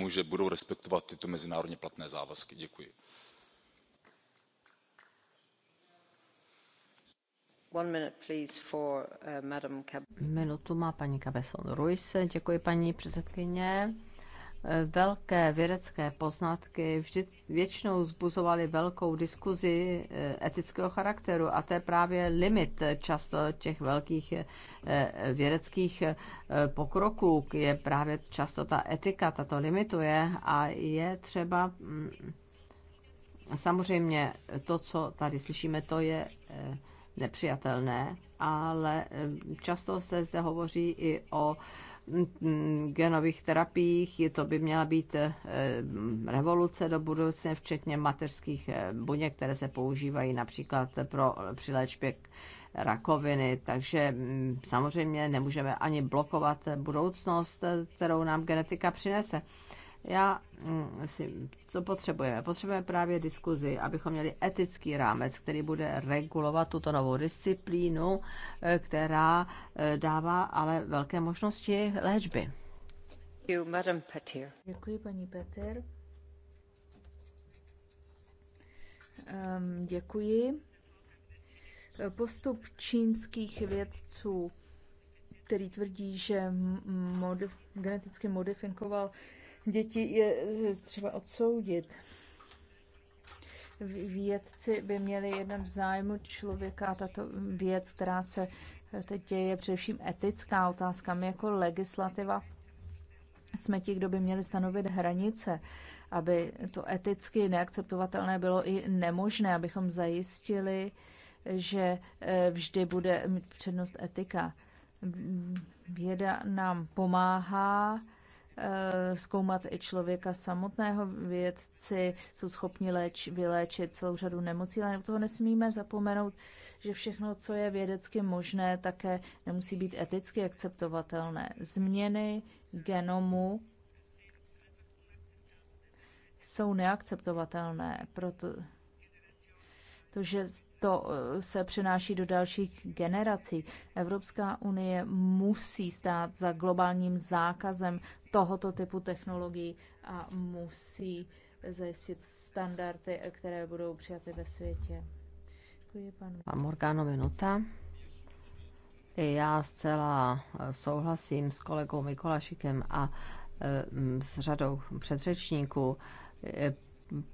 tomu že budou respektovat tyto mezinárodně platné závazky. děkuji. Uh, Minutu má paní Cabezon Ruiz. Děkuji, paní předsedkyně velké vědecké poznatky vždy většinou zbuzovaly velkou diskuzi eh, etického charakteru a to je právě limit často těch velkých eh, vědeckých eh, pokroků, je právě často ta etika, tato limituje a je třeba mm, samozřejmě to, co tady slyšíme, to je nepřijatelné, ale často se zde hovoří i o genových terapiích. To by měla být eh, revoluce do budoucna, včetně mateřských eh, buněk, které se používají například pro přiléčbě rakoviny, takže mm, samozřejmě nemůžeme ani blokovat budoucnost, eh, kterou nám genetika přinese. Já mm, si, co potřebujeme? Potřebujeme právě diskuzi, abychom měli etický rámec, který bude regulovat tuto novou disciplínu, eh, která eh, dává ale velké možnosti léčby. Děkuji, paní Petr. Um, ehm, děkuji. Postup čínských vědců, který tvrdí, že mod, geneticky modifikoval uh, děti je e, třeba odsoudit. Vědci by měli jeden v zájmu člověka a tato věc, která se e, teď děje, především etická otázka. My jako legislativa jsme ti, kdo by měli stanovit hranice, aby to eticky neakceptovatelné bylo i nemožné, abychom zajistili, že e, vždy bude mít přednost etika. Věda nám pomáhá Eh, zkoumat i člověka samotného. Vědci jsou schopni léč, vyléčit celou řadu nemocí, ale toho nesmíme zapomenout, že všechno, co je vědecky možné, také nemusí být eticky akceptovatelné. Změny genomu jsou neakceptovatelné, proto to, že to eh, se přenáší do dalších generací. Evropská unie musí stát za globálním zákazem tohoto typu technologií a musí zajistit standardy, které budou přijaty ve světě. Děkuji panu. A Morgano Venuta. Já zcela eh, souhlasím s kolegou Mikolašikem a eh, s řadou předřečníků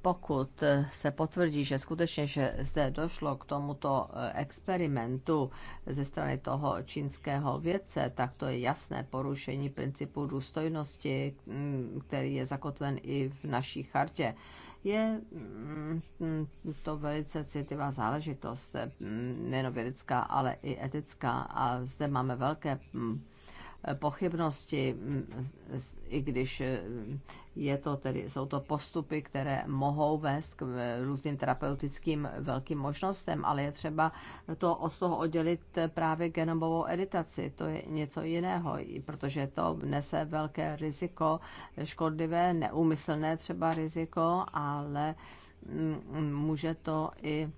pokud se potvrdí, že skutečně že zde došlo k tomuto eh, experimentu ze strany toho čínského vědce, tak to je jasné porušení principu důstojnosti, mm, který je zakotven i v naší chartě. Je mm, to velice citlivá záležitost, mm, nejen vědecká, ale i etická. A zde máme velké pochybnosti, mm, i když mm, je to tedy, jsou to postupy, které mohou vést k eh, různým terapeutickým velkým možnostem, ale je třeba to od toho oddělit eh, právě genomovou editaci. To je něco jiného, protože to nese velké riziko, eh, škodlivé, neúmyslné třeba riziko, ale mm, může to i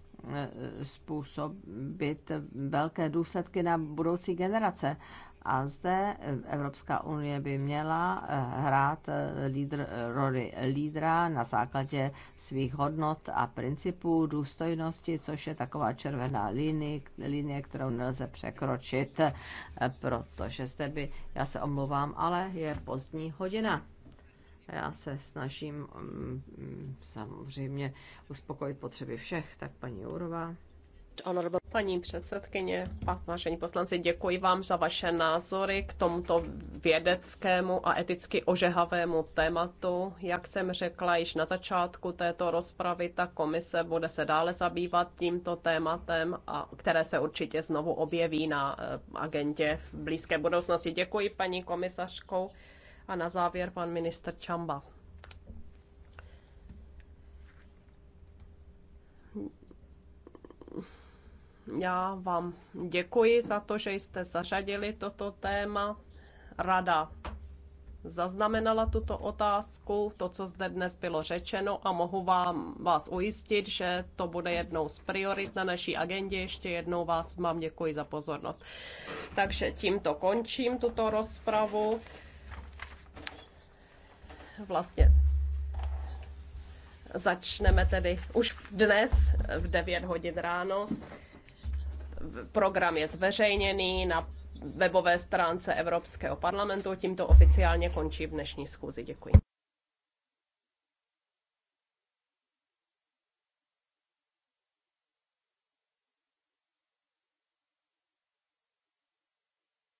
způsobit velké důsledky na budoucí generace. A zde eh, Evropská unie by měla eh, hrát eh, lídr, roli lídra na základě svých hodnot a principů důstojnosti, což je taková červená linie, linie kterou nelze překročit, protože zde by, já se omluvám, ale je pozdní hodina. Já se snažím mm, mm, samozřejmě uspokojit potřeby všech, tak paní Jourová. Paní předsedkyně, vážení poslanci, děkuji vám za vaše názory k tomuto vědeckému a eticky ožehavému tématu. Jak jsem řekla již na začátku této rozpravy, ta komise bude se dále zabývat tímto tématem, a které se určitě znovu objeví na eh, agendě v blízké budoucnosti. Děkuji paní komisařkou a na závěr pan minister Čamba. Já vám děkuji za to, že jste zařadili toto téma. Rada zaznamenala tuto otázku, to, co zde dnes bylo řečeno a mohu vám, vás ujistit, že to bude jednou z priorit na naší agendě. Ještě jednou vás mám děkuji za pozornost. Takže tímto končím tuto rozpravu. Vlastně začneme tedy už dnes v 9 hodin ráno. Program je zveřejněný na webové stránce Evropského parlamentu. Tímto oficiálně končí v dnešní schůzi. Děkuji.